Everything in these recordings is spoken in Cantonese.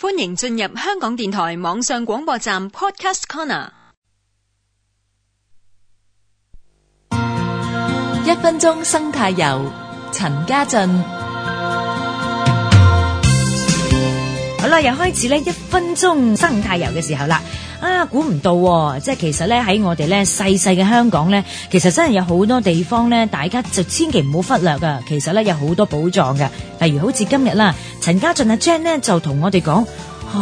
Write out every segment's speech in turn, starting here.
歡迎進入香港電台網上廣播站 Podcast Corner，一分鐘生態遊，陳家俊，好啦，又開始呢，一分鐘生態遊嘅時候啦。啊，估唔到，即係其實咧喺我哋咧細細嘅香港咧，其實真係有好多地方咧，大家就千祈唔好忽略㗎。其實咧有好多寶藏㗎。例如好似今日啦，陳家俊阿 Jan 咧就同我哋講吓，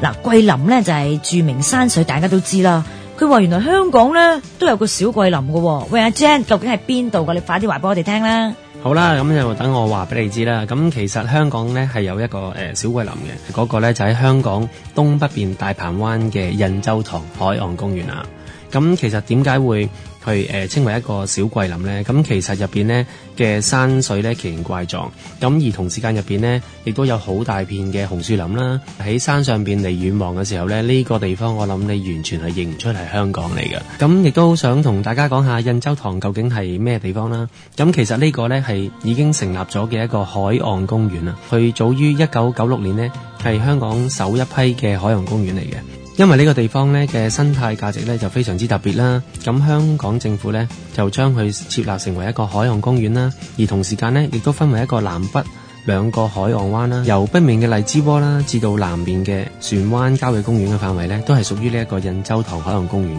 嗱、啊、桂林咧就係著名山水，大家都知啦。佢話原來香港咧都有個小桂林嘅，喂阿 Jan，究竟係邊度㗎？你快啲話俾我哋聽啦！好啦，咁就等我話俾你知啦。咁其實香港呢係有一個誒、呃、小桂林嘅，嗰、那個呢就喺香港東北邊大鵬灣嘅印洲塘海岸公園啊。咁其實點解會去誒稱為一個小桂林呢？咁其實入邊呢嘅山水呢，奇形怪狀，咁而同時間入邊呢，亦都有好大片嘅紅樹林啦。喺山上邊嚟遠望嘅時候呢，呢、這個地方我諗你完全係認唔出係香港嚟嘅。咁亦都想同大家講下印洲塘究竟係咩地方啦。咁其實呢個呢。係已經成立咗嘅一個海岸公園啦，佢早於一九九六年呢，係香港首一批嘅海洋公園嚟嘅。因為呢個地方呢嘅生態價值呢，就非常之特別啦，咁香港政府呢，就將佢設立成為一個海洋公園啦，而同時間呢，亦都分為一個南北兩個海岸灣啦，由北面嘅荔枝窩啦，至到南面嘅船灣郊野公園嘅範圍呢，都係屬於呢一個印洲塘海洋公園。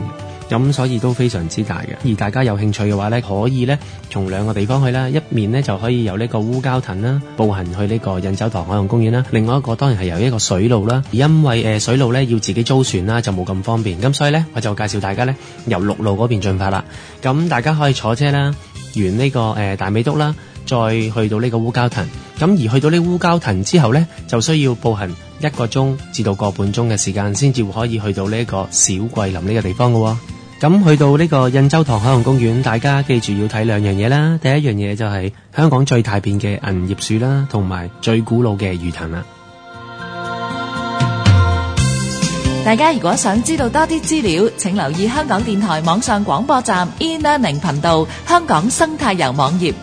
咁所以都非常之大嘅。而大家有興趣嘅話呢，可以呢從兩個地方去啦。一面呢就可以由呢個烏蛟騰啦步行去呢個印洲塘海洋公園啦。另外一個當然係由一個水路啦。而因為水路呢要自己租船啦，就冇咁方便。咁所以呢我就介紹大家呢由陸路嗰邊進發啦。咁大家可以坐車啦，沿呢個大尾篤啦，再去到呢個烏蛟騰。咁而去到呢烏蛟騰之後呢，就需要步行一個鐘至到個半鐘嘅時，時間，先至可以去到呢個小桂林呢個地方嘅喎。咁去到呢個印洲塘海洋公園，大家記住要睇兩樣嘢啦。第一樣嘢就係香港最大片嘅銀葉樹啦，同埋最古老嘅魚藤啦。大家如果想知道多啲資料，請留意香港電台網上廣播站 In Learning 頻道、香港生態遊網頁。